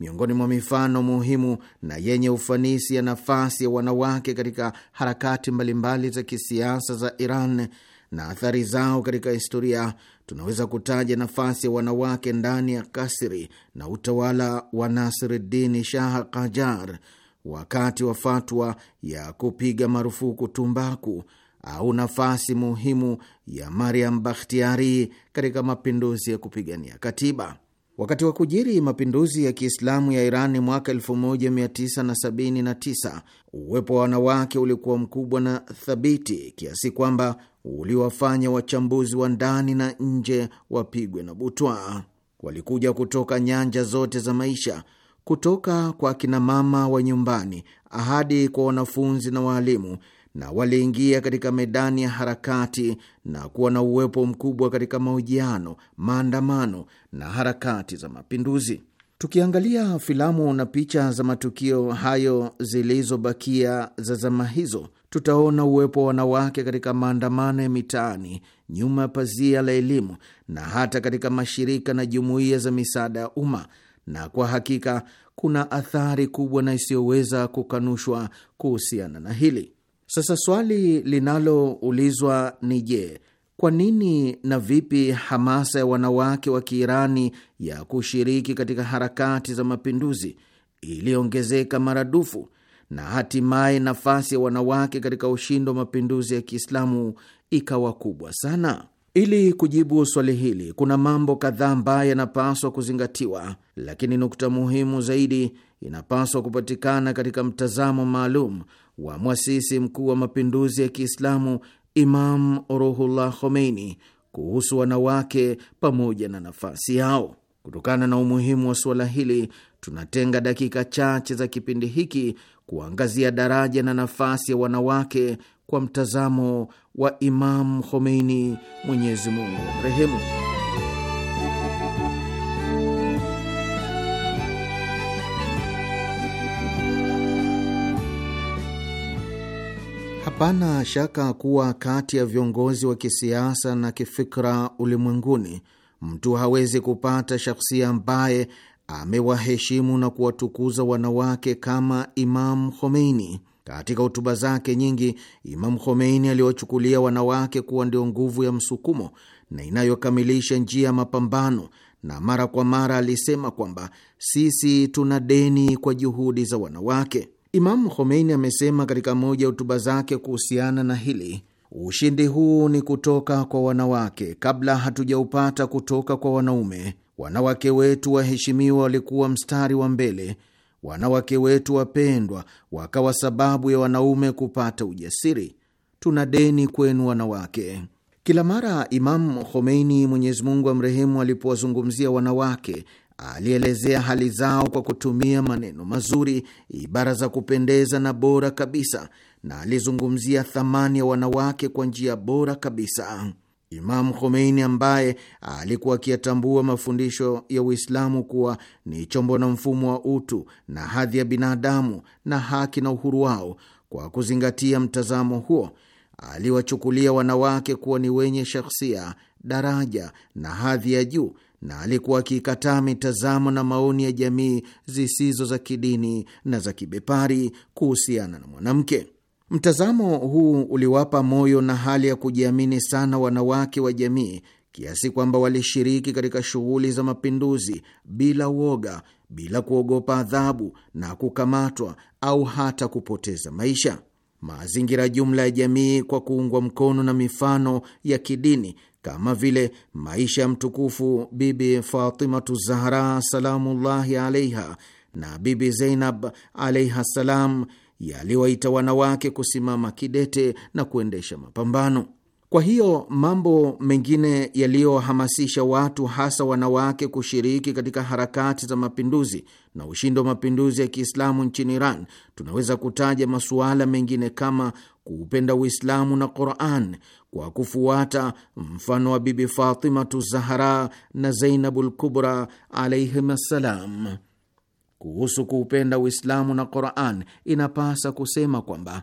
Miongoni mwa mifano muhimu na yenye ufanisi ya nafasi ya wanawake katika harakati mbalimbali za kisiasa za Iran na athari zao katika historia, tunaweza kutaja nafasi ya wanawake ndani ya kasri na utawala wa Nasiruddin Shah Kajar wakati wa fatwa ya kupiga marufuku tumbaku au nafasi muhimu ya Mariam Bakhtiari katika mapinduzi ya kupigania katiba. Wakati wa kujiri mapinduzi ya Kiislamu ya Irani mwaka 1979 uwepo wa wanawake ulikuwa mkubwa na thabiti kiasi kwamba uliwafanya wachambuzi wa ndani na nje wapigwe na butwa. Walikuja kutoka nyanja zote za maisha, kutoka kwa akinamama wa nyumbani hadi kwa wanafunzi na waalimu, na waliingia katika medani ya harakati na kuwa na uwepo mkubwa katika mahojiano, maandamano na harakati za mapinduzi. Tukiangalia filamu na picha za matukio hayo zilizobakia za zama hizo, tutaona uwepo wa wanawake katika maandamano ya mitaani, nyuma ya pazia la elimu na hata katika mashirika na jumuiya za misaada ya umma. Na kwa hakika kuna athari kubwa na isiyoweza kukanushwa kuhusiana na hili. Sasa swali linaloulizwa ni je, kwa nini na vipi hamasa ya wanawake wa Kiirani ya kushiriki katika harakati za mapinduzi iliongezeka maradufu na hatimaye nafasi ya wanawake katika ushindi wa mapinduzi ya Kiislamu ikawa kubwa sana. Ili kujibu swali hili, kuna mambo kadhaa ambayo yanapaswa kuzingatiwa, lakini nukta muhimu zaidi inapaswa kupatikana katika mtazamo maalum wa mwasisi mkuu wa mapinduzi ya Kiislamu, Imam Ruhullah Khomeini, kuhusu wanawake pamoja na nafasi yao. Kutokana na umuhimu wa suala hili, tunatenga dakika chache za kipindi hiki kuangazia daraja na nafasi ya wanawake kwa mtazamo wa Imamu Khomeini, Mwenyezi Mungu Hapana shaka kuwa kati ya viongozi wa kisiasa na kifikra ulimwenguni, mtu hawezi kupata shahsia ambaye amewaheshimu na kuwatukuza wanawake kama Imam Khomeini. Katika hotuba zake nyingi, Imam Khomeini aliwachukulia wanawake kuwa ndio nguvu ya msukumo na inayokamilisha njia ya mapambano, na mara kwa mara alisema kwamba sisi tuna deni kwa juhudi za wanawake. Imam Khomeini amesema katika moja ya hotuba zake kuhusiana na hili, ushindi huu ni kutoka kwa wanawake, kabla hatujaupata kutoka kwa wanaume. Wanawake wetu waheshimiwa walikuwa mstari wa mbele. Wanawake wetu wapendwa wakawa sababu ya wanaume kupata ujasiri. Tuna deni kwenu wanawake. Kila mara Imamu Khomeini, Mwenyezi Mungu amrehemu, alipowazungumzia wanawake alielezea hali zao kwa kutumia maneno mazuri, ibara za kupendeza na bora kabisa, na alizungumzia thamani ya wanawake kwa njia bora kabisa. Imamu Khomeini ambaye alikuwa akiyatambua mafundisho ya Uislamu kuwa ni chombo na mfumo wa utu na hadhi ya binadamu na haki na uhuru wao, kwa kuzingatia mtazamo huo, aliwachukulia wanawake kuwa ni wenye shakhsia, daraja na hadhi ya juu, na alikuwa akiikataa mitazamo na maoni ya jamii zisizo za kidini na za kibepari kuhusiana na mwanamke. Mtazamo huu uliwapa moyo na hali ya kujiamini sana wanawake wa jamii kiasi kwamba walishiriki katika shughuli za mapinduzi bila uoga, bila kuogopa adhabu na kukamatwa au hata kupoteza maisha. Mazingira jumla ya jamii kwa kuungwa mkono na mifano ya kidini kama vile maisha ya mtukufu Bibi Fatimatu Zahra salamullahi alaiha na Bibi Zeinab alaiha salam yaliwaita wanawake kusimama kidete na kuendesha mapambano. Kwa hiyo mambo mengine yaliyohamasisha watu hasa wanawake kushiriki katika harakati za mapinduzi na ushindi wa mapinduzi ya Kiislamu nchini Iran, tunaweza kutaja masuala mengine kama kuupenda Uislamu na Quran kwa kufuata mfano wa Bibi Fatimatu Zahara na Zainabu lkubra alaihim assalam. Kuhusu kuupenda Uislamu na Quran, inapasa kusema kwamba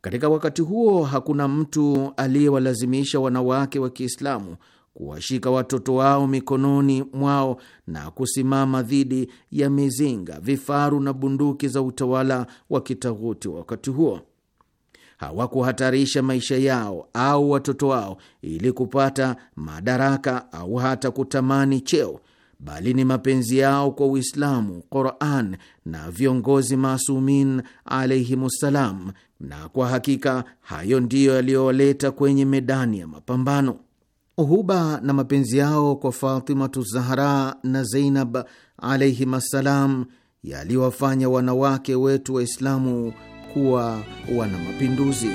katika wakati huo hakuna mtu aliyewalazimisha wanawake wa Kiislamu kuwashika watoto wao mikononi mwao na kusimama dhidi ya mizinga, vifaru na bunduki za utawala wa kitaghuti wa wakati huo. Hawakuhatarisha maisha yao au watoto wao ili kupata madaraka au hata kutamani cheo, bali ni mapenzi yao kwa Uislamu, Quran na viongozi masumin alaihimussalam, na kwa hakika hayo ndiyo yaliyowaleta kwenye medani ya mapambano. Uhuba na mapenzi yao kwa Fatimatu Zahra na Zeinab alaihimassalam yaliwafanya wanawake wetu Waislamu kuwa wana mapinduzi.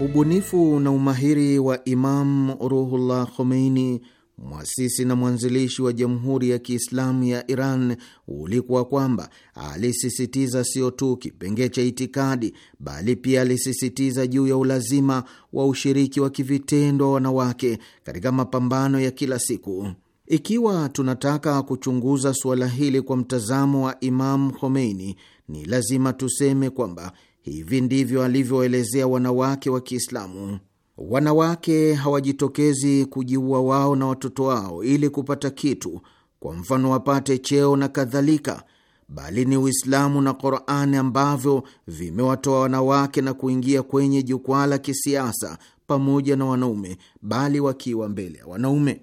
Ubunifu na umahiri wa Imam Ruhullah Khomeini, mwasisi na mwanzilishi wa Jamhuri ya Kiislamu ya Iran, ulikuwa kwamba alisisitiza sio tu kipengee cha itikadi, bali pia alisisitiza juu ya ulazima wa ushiriki wa kivitendo wa wanawake katika mapambano ya kila siku. Ikiwa tunataka kuchunguza suala hili kwa mtazamo wa Imam Khomeini, ni lazima tuseme kwamba Hivi ndivyo alivyoelezea wanawake wa Kiislamu: wanawake hawajitokezi kujiua wao na watoto wao ili kupata kitu, kwa mfano wapate cheo na kadhalika, bali ni Uislamu na Korani ambavyo vimewatoa wanawake na kuingia kwenye jukwaa la kisiasa pamoja na wanaume, bali wakiwa mbele ya wanaume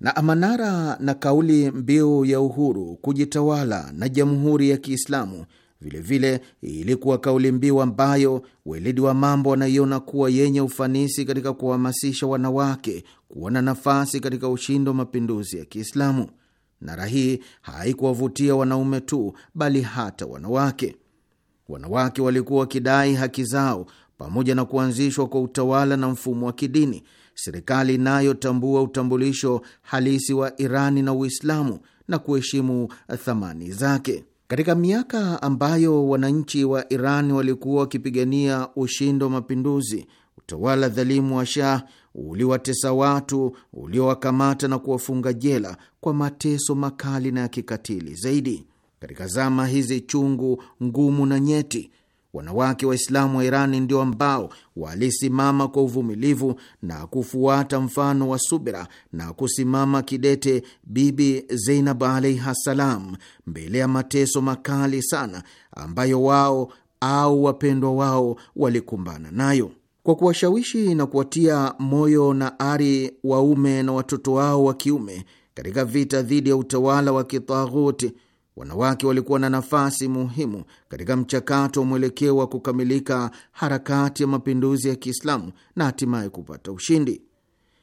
na amanara na kauli mbiu ya uhuru, kujitawala na jamhuri ya Kiislamu Vilevile ilikuwa kauli mbiu ambayo weledi wa mambo wanaiona kuwa yenye ufanisi katika kuhamasisha wanawake kuwa na nafasi katika ushindi wa mapinduzi ya Kiislamu. Nara hii haikuwavutia wanaume tu, bali hata wanawake. Wanawake walikuwa wakidai haki zao pamoja na kuanzishwa kwa utawala na mfumo wa kidini, serikali inayotambua utambulisho halisi wa Irani na Uislamu na kuheshimu thamani zake. Katika miaka ambayo wananchi wa Iran walikuwa wakipigania ushindi wa mapinduzi, utawala dhalimu wa Shah uliwatesa watu, uliowakamata na kuwafunga jela kwa mateso makali na ya kikatili zaidi. Katika zama hizi chungu, ngumu na nyeti, Wanawake Waislamu wa Irani ndio ambao walisimama kwa uvumilivu na kufuata mfano wa subira na kusimama kidete Bibi Zeinab alaiha salam mbele ya mateso makali sana ambayo wao au wapendwa wao walikumbana nayo. Kwa kuwashawishi na kuwatia moyo na ari waume na watoto wao wa kiume katika vita dhidi ya utawala wa kitaghuti wanawake walikuwa na nafasi muhimu katika mchakato wa mwelekeo wa kukamilika harakati ya mapinduzi ya Kiislamu na hatimaye kupata ushindi.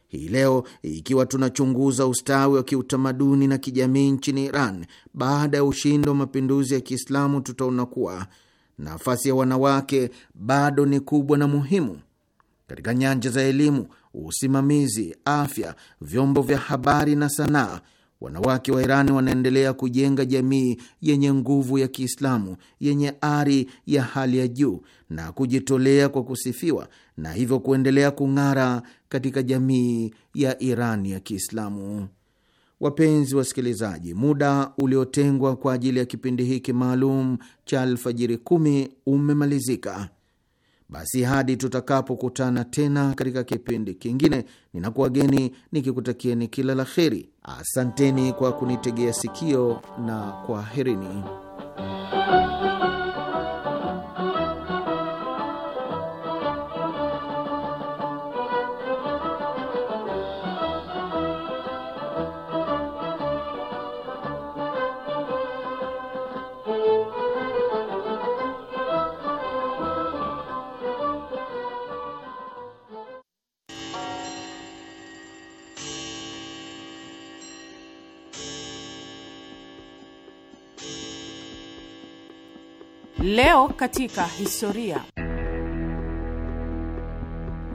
Hii leo ikiwa tunachunguza ustawi wa kiutamaduni na kijamii nchini Iran baada ya ushindi wa mapinduzi ya Kiislamu, tutaona kuwa nafasi ya wanawake bado ni kubwa na muhimu katika nyanja za elimu, usimamizi, afya, vyombo vya habari na sanaa wanawake wa Iran wanaendelea kujenga jamii yenye nguvu ya Kiislamu yenye ari ya hali ya juu na kujitolea kwa kusifiwa, na hivyo kuendelea kung'ara katika jamii ya Iran ya Kiislamu. Wapenzi wasikilizaji, muda uliotengwa kwa ajili ya kipindi hiki maalum cha Alfajiri Kumi umemalizika. Basi hadi tutakapokutana tena katika kipindi kingine, ninakuwageni nikikutakieni kila la kheri. Asanteni kwa kunitegea sikio na kwaherini. Leo katika historia.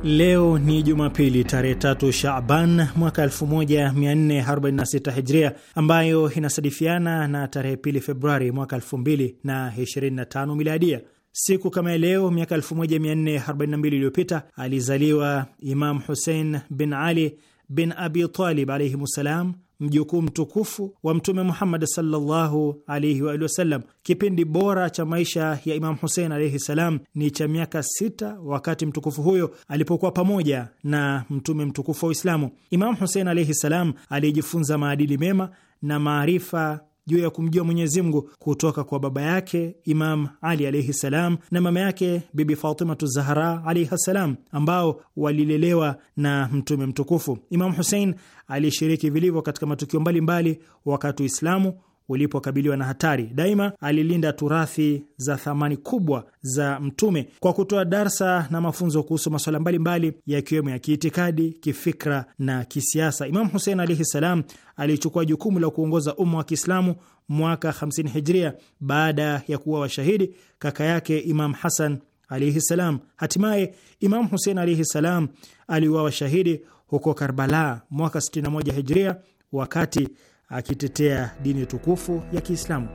Leo ni Jumapili tarehe tatu Shaban mwaka 1446 Hijria, ambayo inasadifiana na tarehe pili Februari mwaka 2025 Miladia. Siku kama ya leo miaka 1442 iliyopita alizaliwa Imam Husein bin Ali bin Abi Talib alaihim ssalam mjukuu mtukufu wa Mtume Muhammad sallallahu alaihi wa wasallam. Kipindi bora cha maisha ya Imam Husein alaihi salam ni cha miaka sita, wakati mtukufu huyo alipokuwa pamoja na mtume mtukufu wa Uislamu. Imam Husein alaihi salam aliyejifunza maadili mema na maarifa juu ya kumjua Mwenyezi Mungu kutoka kwa baba yake Imam Ali alaihi salam na mama yake Bibi Fatimatu Zahra alaihi salam, ambao walilelewa na Mtume mtukufu. Imam Husein alishiriki vilivyo katika matukio mbalimbali wakati Uislamu ulipokabiliwa na hatari. Daima alilinda turathi za thamani kubwa za Mtume kwa kutoa darsa na mafunzo kuhusu masuala mbalimbali yakiwemo ya kiitikadi, kifikra na kisiasa. Imamu Husein alaihi ssalam alichukua jukumu la kuongoza umma wa Kiislamu mwaka 50 hijria baada ya kuwa washahidi kaka yake Imam Hasan alaihi ssalam. Hatimaye Imam Husein alaihi ssalam aliuawa shahidi huko Karbala mwaka 61 hijria wakati akitetea dini tukufu ya Kiislamu.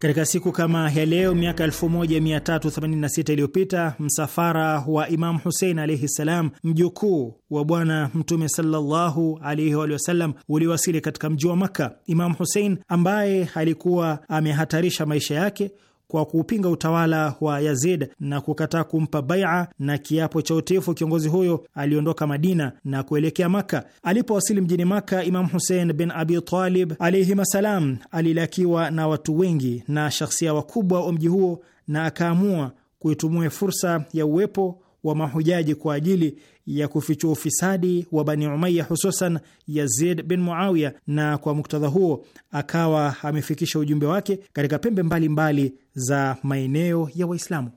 Katika siku kama ya leo miaka 1386 iliyopita msafara wa Imam Husein alaihi ssalam, mjukuu wa Bwana Mtume sallallahu alaihi wasallam, uliwasili katika mji wa Makka. Imam Husein ambaye alikuwa amehatarisha maisha yake kwa kuupinga utawala wa Yazid na kukataa kumpa baia na kiapo cha utiifu, kiongozi huyo aliondoka Madina na kuelekea Maka. Alipowasili mjini Maka, Imam Husein bin Abi Talib alaihim assalam alilakiwa na watu wengi na shakhsia wakubwa wa mji huo na akaamua kuitumia fursa ya uwepo wa mahujaji kwa ajili ya kufichua ufisadi wa Bani Umaya, hususan Yazid bin Muawiya, na kwa muktadha huo akawa amefikisha ujumbe wake katika pembe mbalimbali mbali za maeneo ya Waislamu.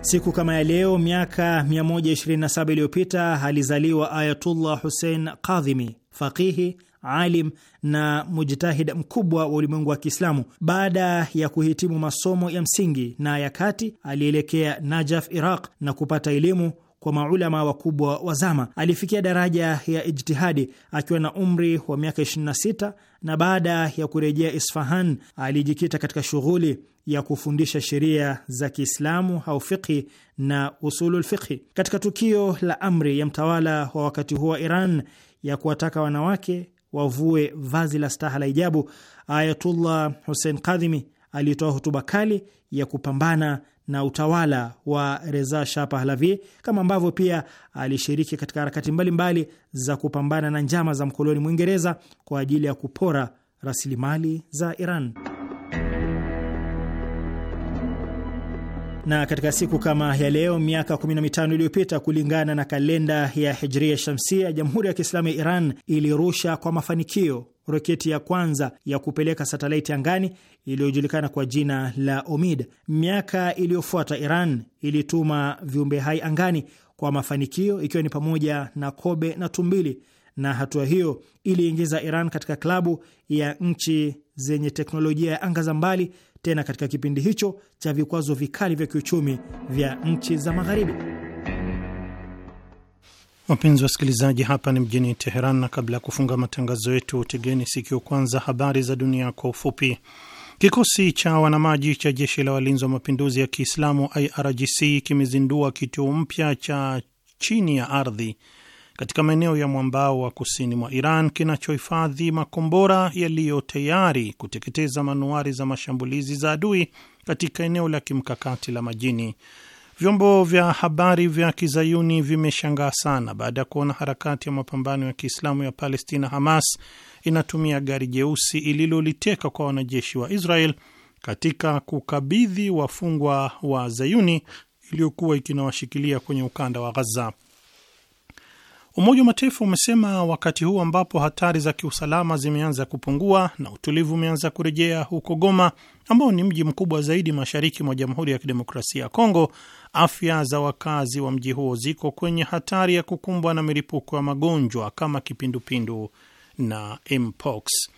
Siku kama ya leo miaka 127 iliyopita alizaliwa Ayatullah Hussein Kadhimi, faqihi alim na mujtahid mkubwa wa ulimwengu wa Kiislamu. Baada ya kuhitimu masomo ya msingi na ya kati, alielekea Najaf, Iraq, na kupata elimu kwa maulama wakubwa wa zama. Alifikia daraja ya ijtihadi akiwa na umri wa miaka 26 na baada ya kurejea Isfahan alijikita katika shughuli ya kufundisha sheria za Kiislamu au fiqhi na usulul fiqhi. Katika tukio la amri ya mtawala wa wakati huo wa Iran ya kuwataka wanawake wavue vazi la staha la hijabu, Ayatullah Hussein Kadhimi alitoa hotuba kali ya kupambana na utawala wa Reza Shah Pahlavi, kama ambavyo pia alishiriki katika harakati mbalimbali za kupambana na njama za mkoloni Mwingereza kwa ajili ya kupora rasilimali za Iran. na katika siku kama ya leo miaka 15 iliyopita kulingana na kalenda ya Hijria Shamsia, Jamhuri ya Kiislamu ya Iran ilirusha kwa mafanikio roketi ya kwanza ya kupeleka satelaiti angani iliyojulikana kwa jina la Omid. Miaka iliyofuata Iran ilituma viumbe hai angani kwa mafanikio, ikiwa ni pamoja na kobe na tumbili, na hatua hiyo iliingiza Iran katika klabu ya nchi zenye teknolojia ya anga za mbali tena katika kipindi hicho cha vikwazo vikali vya kiuchumi vya nchi za Magharibi. Wapenzi wasikilizaji, hapa ni mjini Teheran, na kabla ya kufunga matangazo yetu, tegeni sikio kwanza habari za dunia kwa ufupi. Kikosi cha wanamaji cha jeshi la walinzi wa mapinduzi ya Kiislamu IRGC kimezindua kituo mpya cha chini ya ardhi katika maeneo ya mwambao wa kusini mwa Iran kinachohifadhi makombora yaliyo tayari kuteketeza manuari za mashambulizi za adui katika eneo la kimkakati la majini. Vyombo vya habari vya kizayuni vimeshangaa sana baada ya kuona harakati ya mapambano ya Kiislamu ya Palestina, Hamas, inatumia gari jeusi ililoliteka kwa wanajeshi wa Israel katika kukabidhi wafungwa wa zayuni iliyokuwa ikinawashikilia kwenye ukanda wa Ghaza. Umoja wa Mataifa umesema wakati huu ambapo hatari za kiusalama zimeanza kupungua na utulivu umeanza kurejea huko Goma, ambao ni mji mkubwa zaidi mashariki mwa Jamhuri ya Kidemokrasia ya Kongo, afya za wakazi wa mji huo ziko kwenye hatari ya kukumbwa na milipuko ya magonjwa kama kipindupindu na mpox.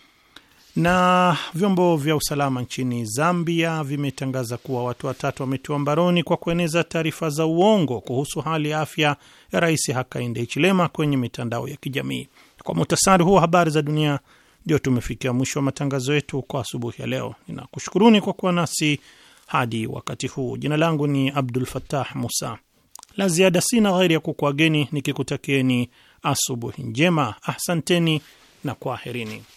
Na vyombo vya usalama nchini Zambia vimetangaza kuwa watu watatu wametiwa mbaroni kwa kueneza taarifa za uongo kuhusu hali ya afya ya Rais Hakainde Hichilema kwenye mitandao ya kijamii. Kwa muhtasari huo habari za dunia, ndio tumefikia mwisho wa matangazo yetu kwa asubuhi ya leo. Ninakushukuruni kwa kuwa nasi hadi wakati huu. Jina langu ni Abdul fatah Musa. La ziada sina ghairi ya kukuageni nikikutakieni asubuhi njema. Ahsanteni na kwaherini.